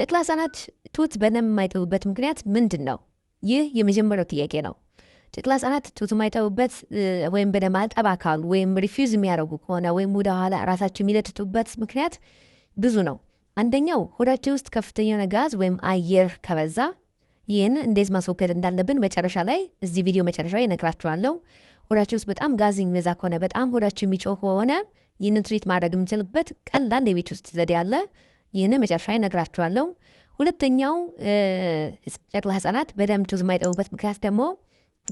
ጨቅላ ህጻናት ጡት በደንብ የማይጠቡበት ምክንያት ምንድን ነው? ይህ የመጀመሪያው ጥያቄ ነው። ጨቅላ ህጻናት ጡት የማይጠቡበት ወይም በደንብ አልጠባ ካሉ ወይም ሪፊውዝ የሚያደርጉ ከሆነ ወይም ወደ ኋላ ራሳቸው የሚለትቱበት ምክንያት ብዙ ነው። አንደኛው ሆዳቸው ውስጥ ከፍተኛ የሆነ ጋዝ ወይም አየር ከበዛ ይህን እንዴት ማስወገድ እንዳለብን መጨረሻ ላይ እዚህ ቪዲዮ መጨረሻ ላይ እነግራችኋለሁ። ሆዳቸው ውስጥ በጣም ጋዝ የሚበዛ ከሆነ በጣም ሆዳቸው የሚጮህ ከሆነ ይህንን ትሪት ማድረግ የምንችልበት ቀላል የቤት ውስጥ ዘዴ አለ። ይህን መጨረሻ እነግራችኋለሁ። ሁለተኛው ጨቅላ ህጻናት በደምቱ የማይጠቡበት ምክንያት ደግሞ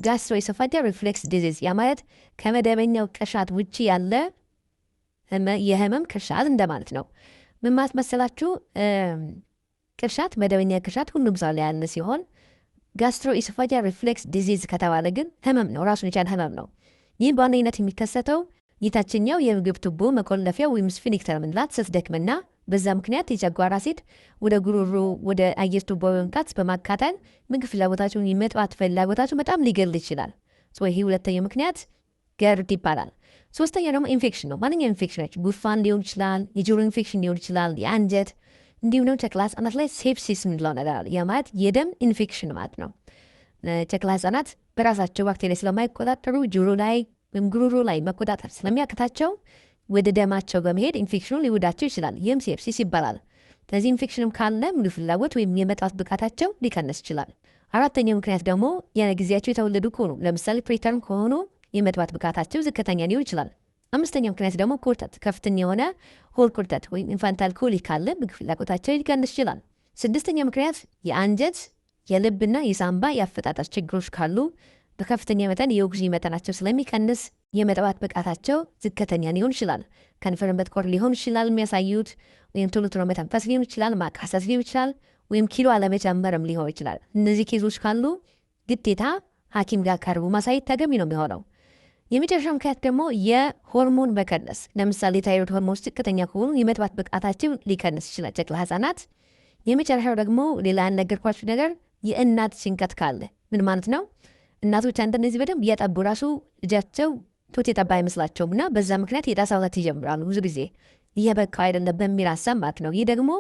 ጋስትሮኢሶፋጂያል ሪፍሌክስ ዲዚዝ፣ ያ ማለት ከመደበኛው ቅርሻት ውጭ ያለ የህመም ቅርሻት እንደማለት ነው። ምን ማለት መሰላችሁ? ቅርሻት መደበኛ ቅርሻት ሁሉም ሰው ላይ ያለ ሲሆን ጋስትሮኢሶፋጂያል ሪፍሌክስ ዲዚዝ ከተባለ ግን ህመም ነው፣ ራሱን የቻለ ህመም ነው። ይህ በዋነኝነት የሚከሰተው የታችኛው የምግብ ቱቦ መቆለፊያ ወይም ስፊንክተር ምንላት ስትደክምና በዛ ምክንያት የጨጓራ ሴት ወደ ጉሮሮ ወደ አየር ቱቦ በመምጣት በማቃጠል ምግብ ፍላጎታቸውን የመጥፋት ፍላጎታቸው በጣም ሊገል ይችላል። ይሄ ሁለተኛው ምክንያት ገርድ ይባላል። ሶስተኛ ደግሞ ኢንፌክሽን ነው። ማንኛውም ኢንፌክሽን ጉፋን ሊሆን ይችላል፣ የጆሮ ኢንፌክሽን ሊሆን ይችላል፣ የአንጀት እንዲሁም ደግሞ ጨቅላ ህጻናት ላይ ሴፕሲስ ምንለው ነገር አለ። ያ ማለት የደም ኢንፌክሽን ማለት ነው። ጨቅላ ህጻናት በራሳቸው ባክቴሪያ ስለማይቆጣጠሩ ጆሮ ላይ ወይም ላይ መቆጣጠር ስለሚያቅታቸው ወደ ደማቸው በመሄድ ኢንፌክሽኑ ሊወዳቸው ይችላል። ይህም ሴፕሲስ ይባላል። ስለዚህ ኢንፌክሽንም ካለ ሙሉ ፍላጎት ወይም የመጣት ብቃታቸው ሊቀነስ ይችላል። አራተኛው ምክንያት ደግሞ ጊዜያቸው የተወለዱ ከሆኑ ለምሳሌ ፕሬተርም ከሆኑ የመጥባት ብቃታቸው ዝቅተኛ ሊሆን ይችላል። አምስተኛው ምክንያት ደግሞ ኮርተት፣ ከፍተኛ የሆነ ሆድ ኮርተት ወይም ኢንፋንታል ኮሊክ ካለ ምግብ ፍላጎታቸው ሊቀንስ ይችላል። ስድስተኛው ምክንያት የአንጀት የልብና የሳምባ የአፈጣጠር ችግሮች ካሉ በከፍተኛ መጠን የኦክሲጅን መጠናቸው ስለሚቀንስ የመጥባት ብቃታቸው ዝቅተኛ ሊሆን ይችላል። ከንፈር መጥቆር ሊሆን ይችላል የሚያሳዩት፣ ወይም ቶሎ ቶሎ መተንፈስ ሊሆን ይችላል፣ ማቃሰት ሊሆን ይችላል፣ ወይም ኪሎ አለመጨመርም ሊሆን ይችላል። እነዚህ ኬዞች ካሉ ግዴታ ሐኪም ጋር ቀርቡ ማሳየት ተገቢ ነው የሚሆነው። የመጨረሻ ምክንያት ደግሞ የሆርሞን መቀነስ፣ ለምሳሌ የታይሮይድ ሆርሞን ዝቅተኛ ከሆኑ የመጥባት ብቃታቸው ሊቀንስ ይችላል ጨቅላ ህጻናት። የመጨረሻው ደግሞ ሌላ ያነገርኳችሁ ነገር የእናት ጭንቀት ካለ ምን ማለት ነው? እናቶች አንዳንድ እንደዚህ በደንብ እያጠቡ ራሱ ልጃቸው ቶት የጠባ አይመስላቸውም እና በዛ ምክንያት የጣሳ ውተት ይጀምራሉ። ብዙ ጊዜ ይህ አይደለ በሚል ሀሳብ ማለት ነው። ይህ ደግሞ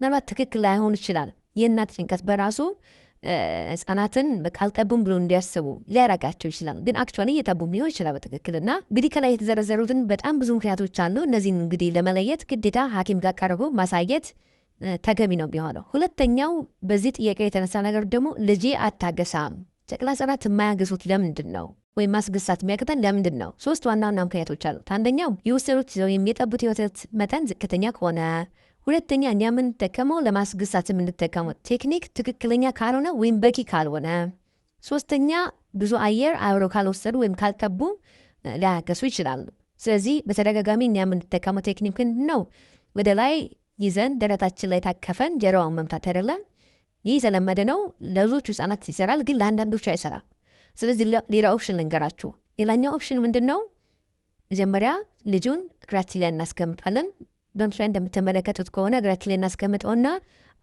ምናልባት ትክክል ላይሆን ይችላል። የእናት ጭንቀት በራሱ ህጻናትን አልጠቡም ብሎ እንዲያስቡ ሊያረጋቸው ይችላል። ግን አክቹዋሊ እየጠቡም ሊሆን ይችላል በትክክል እና እንግዲህ ከላይ የተዘረዘሩትን በጣም ብዙ ምክንያቶች አሉ። እነዚህን እንግዲህ ለመለየት ግዴታ ሐኪም ጋር ቀርቦ ማሳየት ተገቢ ነው የሚሆነው። ሁለተኛው በዚህ ጥያቄ የተነሳ ነገር ደግሞ ልጄ አታገሳም ጨቅላ ህጻናት የማያገዙት ለምንድን ነው? ወይም ማስገሳት የሚያቅተን ለምንድን ነው? ሶስት ዋና ዋና ምክንያቶች አሉት። አንደኛው የወሰዱት ይዘው የሚጠቡት የወተት መጠን ዝቅተኛ ከሆነ፣ ሁለተኛ እኛ የምንጠቀመው ለማስገሳት የምንጠቀመው ቴክኒክ ትክክለኛ ካልሆነ ወይም በቂ ካልሆነ፣ ሶስተኛ ብዙ አየር አብረው ካልወሰዱ ወይም ካልጠቡ ሊያገሱ ይችላሉ። ስለዚህ በተደጋጋሚ እኛ የምንጠቀመው ቴክኒክ ነው ወደ ላይ ይዘን ደረታችን ላይ ታከፈን ጀርባውን መምታት አይደለም ይህ የተለመደ ነው። ለብዙዎቹ ህጻናት ይሰራል፣ ግን ለአንዳንዶቹ አይሰራም። ስለዚህ ሌላ ኦፕሽን ልንገራችሁ። ሌላኛው ኦፕሽን ምንድን ነው? መጀመሪያ ልጁን እግራችን ላይ እናስቀምጣለን። በምስሉ ላይ እንደምትመለከቱት ከሆነ እግራችን ላይ እናስቀምጠውና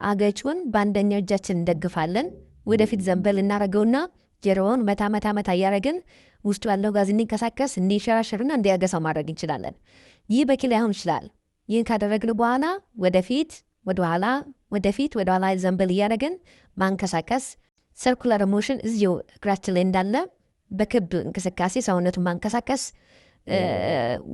አገጩን በአንደኛው እጃችን እንደግፋለን። ወደፊት ዘንበል እናረገውና ጀርባውን መታ መታ መታ እያረግን ውስጡ ያለው ጋዝ እንዲንቀሳቀስ እንዲሸራሸርና እንዲያገሳው ማድረግ እንችላለን። ይህ ላይ አሁን ይችላል። ይህን ካደረግን በኋላ ወደፊት ወደኋላ ወደፊት ወደ ኋላ ዘንበል እያደረግን ማንቀሳቀስ ሰርኩላር ሞሽን እዚሁ እግራችን ላይ እንዳለ በክብ እንቅስቃሴ ሰውነቱን ማንቀሳቀስ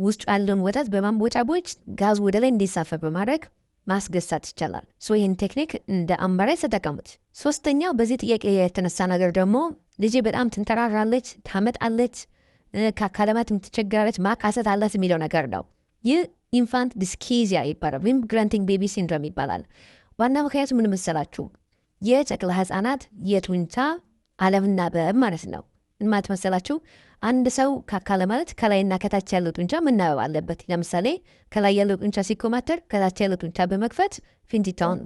ውስጡ ያለውን ወተት በማንቦጫቦች ጋዝ ወደ ላይ እንዲሳፈር በማድረግ ማስገሳት ይቻላል። ይህን ቴክኒክ እንደ አማራጭ ተጠቀሙት። ሶስተኛው በዚህ ጥያቄ የተነሳ ነገር ደግሞ ልጄ በጣም ትንተራራለች፣ ታመጣለች፣ ከአካላማት የምትቸግራለች፣ ማካሰት አላት የሚለው ነገር ነው። ይህ ኢንፋንት ዲስኬዚያ ይባላል ወይም ግራንቲንግ ቤቢ ሲንድሮም ይባላል። ዋና ምክንያቱ ምን መሰላችሁ? የጨቅለ ህፃናት የጡንቻ አለምና በብ ማለት ነው። ማለት መሰላችሁ አንድ ሰው ካካለ ማለት ከላይና ከታች ያለው ጡንቻ መናበብ አለበት። ለምሳሌ ከላይ ያለው ጡንቻ ሲኮማተር ከታች ያለው ጡንቻ በመክፈት ፊንቲታውን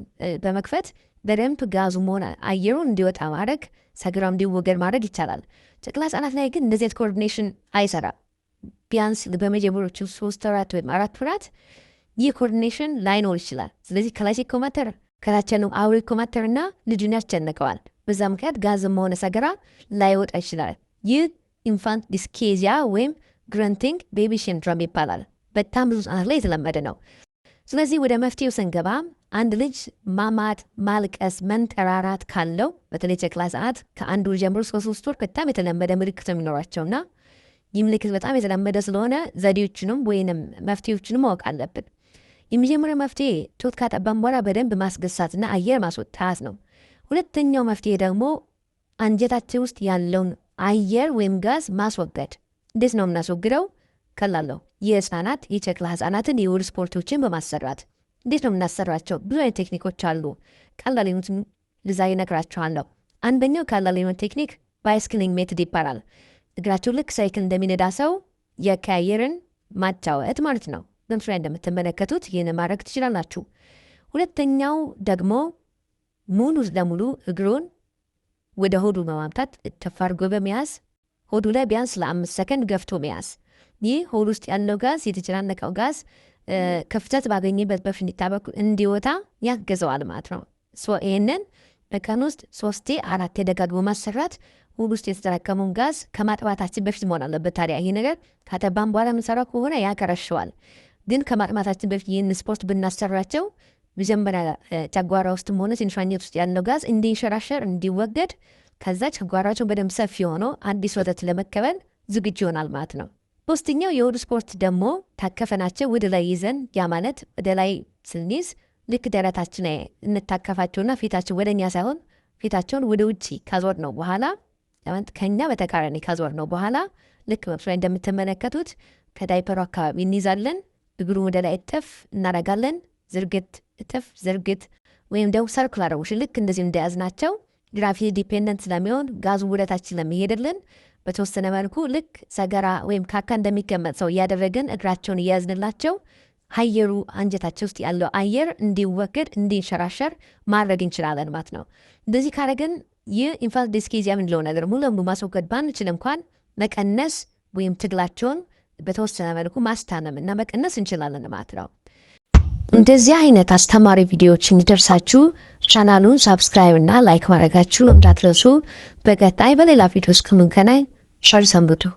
በመክፈት በደንብ ጋዙ መሆን አየሩ እንዲወጣ ማድረግ ሰገራ እንዲወገድ ማድረግ ይቻላል። ጨቅላ ህጻናት ላይ ግን እንደዚህ ኮኦርዲኔሽን አይሰራ። ቢያንስ በመጀመሪያዎቹ ሶስት ወራት ወይም አራት ወራት ይህ ኮኦርዲኔሽን ላይኖር ይችላል። ስለዚህ ከላይ ኮማተር ከታች ያለው አውሬ ኮማተርና ልጁን ያስጨንቀዋል። በዛ ምክንያት ጋዝም ሆነ ሰገራ ላይወጣ ይችላል። ይህ ኢንፋንት ዲስኬዚያ ወይም ግረንቲንግ ቤቢ ሲንድሮም ይባላል። በጣም ብዙ ህጻናት ላይ የተለመደ ነው። ስለዚህ ወደ መፍትሄው ስንገባ አንድ ልጅ ማማት፣ ማልቀስ፣ መንጠራራት ካለው በተለይ ጨቅላ ሰዓት ከአንድ ወር ጀምሮ እስከ ሶስት ወር በጣም የተለመደ ምልክት የሚኖራቸውና ይህ ምልክት በጣም የተለመደ ስለሆነ ዘዴዎችንም ወይንም መፍትሄዎችንም ማወቅ አለብን። የመጀመሪያ መፍትሄ ጡት ካጠባን በኋላ በደንብ ማስገሳትና አየር ማስወጣት ነው። ሁለተኛው መፍትሄ ደግሞ አንጀታችን ውስጥ ያለውን አየር ወይም ጋዝ ማስወገድ። እንዴት ነው የምናስወግደው? ቀላል የህፃናት የቸክላ ህፃናትን የውል ስፖርቶችን በማሰራት እንዴት ነው የምናሰራቸው? ብዙ አይነት ቴክኒኮች አሉ። ቀላል የሆኑትን ልዛሬ አንደኛው ቀላል የሆነ ቴክኒክ ባይስክሊንግ ሜትድ ይባላል። እግራቸው ልክ ሳይክል እንደሚነዳ ሰው የካየርን ማጫወት ማለት ነው። በምስሉ ላይ እንደምትመለከቱት ይህን ማድረግ ትችላላችሁ። ሁለተኛው ደግሞ ሙሉ ለሙሉ እግሩን ወደ ሆዱ በማምጣት ተፋርጎ በመያዝ ሆዱ ላይ ቢያንስ ለአምስት ሰከንድ ገፍቶ መያዝ። ይህ ሆድ ውስጥ ያለው ጋዝ የተጨናነቀው ጋዝ ክፍተት ባገኘበት በሽንታ በኩል እንዲወጣ ያገዘዋል ማለት ነው። ይህንን በቀን ውስጥ ሶስቴ አራቴ ደጋግሞ ማሰራት ሆድ ውስጥ የተጠራቀመውን ጋዝ ከማጥባታችን በፊት መሆን አለበት። ታዲያ ይህ ነገር ካጠባን በኋላ የምንሰራው ከሆነ ያከረሸዋል። ግን ከማቅማታችን በፊት ይህን ስፖርት ብናሰራቸው መጀመሪያ ጨጓራ ውስጥም ሆነ ትንሿኘት ውስጥ ያለው ጋዝ እንዲንሸራሸር እንዲወገድ፣ ከዛ ጨጓራቸውን በደንብ ሰፊ ሆኖ አዲስ ወተት ለመከበል ዝግጁ ይሆናል ማለት ነው። ሶስተኛው የሆድ ስፖርት ደግሞ ታከፈናቸው ወደ ላይ ይዘን ያ ማለት ወደ ላይ ስንይዝ ልክ ደረታችን እንታከፋቸውና ፊታችን ወደ እኛ ሳይሆን ፊታቸውን ወደ ውጭ ከዞር ነው በኋላ ከኛ በተቃራኒ ከዞር ነው በኋላ ልክ መብስ ላይ እንደምትመለከቱት ከዳይፐሩ አካባቢ እንይዛለን። እግሩ ወደ ላይ እተፍ እናረጋለን። ዝርግት፣ እተፍ፣ ዝርግት ወይም ደግሞ ሰርኩላር ሞሽን ልክ እንደዚህ እንደያዝ ናቸው። ግራቪቲ ዲፔንደንት ስለሚሆን ጋዙ ውደታችን ለሚሄድልን በተወሰነ መልኩ ልክ ሰገራ ወይም ካካ እንደሚቀመጥ ሰው እያደረግን እግራቸውን እያያዝንላቸው አየሩ አንጀታቸው ውስጥ ያለው አየር እንዲወገድ እንዲንሸራሸር ማድረግ እንችላለን ማለት ነው። እንደዚህ ካረግን ይህ ኢንፋንት ዲስኬዚያ የምንለው ነገር ሙሉ ለሙሉ ማስወገድ ባንችል እንኳን መቀነስ ወይም ትግላቸውን በተወሰነ መልኩ ማስታነም እና መቀነስ እንችላለን ማለት ነው። እንደዚህ አይነት አስተማሪ ቪዲዮዎች እንዲደርሳችሁ ቻናሉን ሳብስክራይብ እና ላይክ ማድረጋችሁ እንዳትረሱ። በቀጣይ በሌላ ቪዲዮ እስክንገናኝ ቸር ሰንብቱ።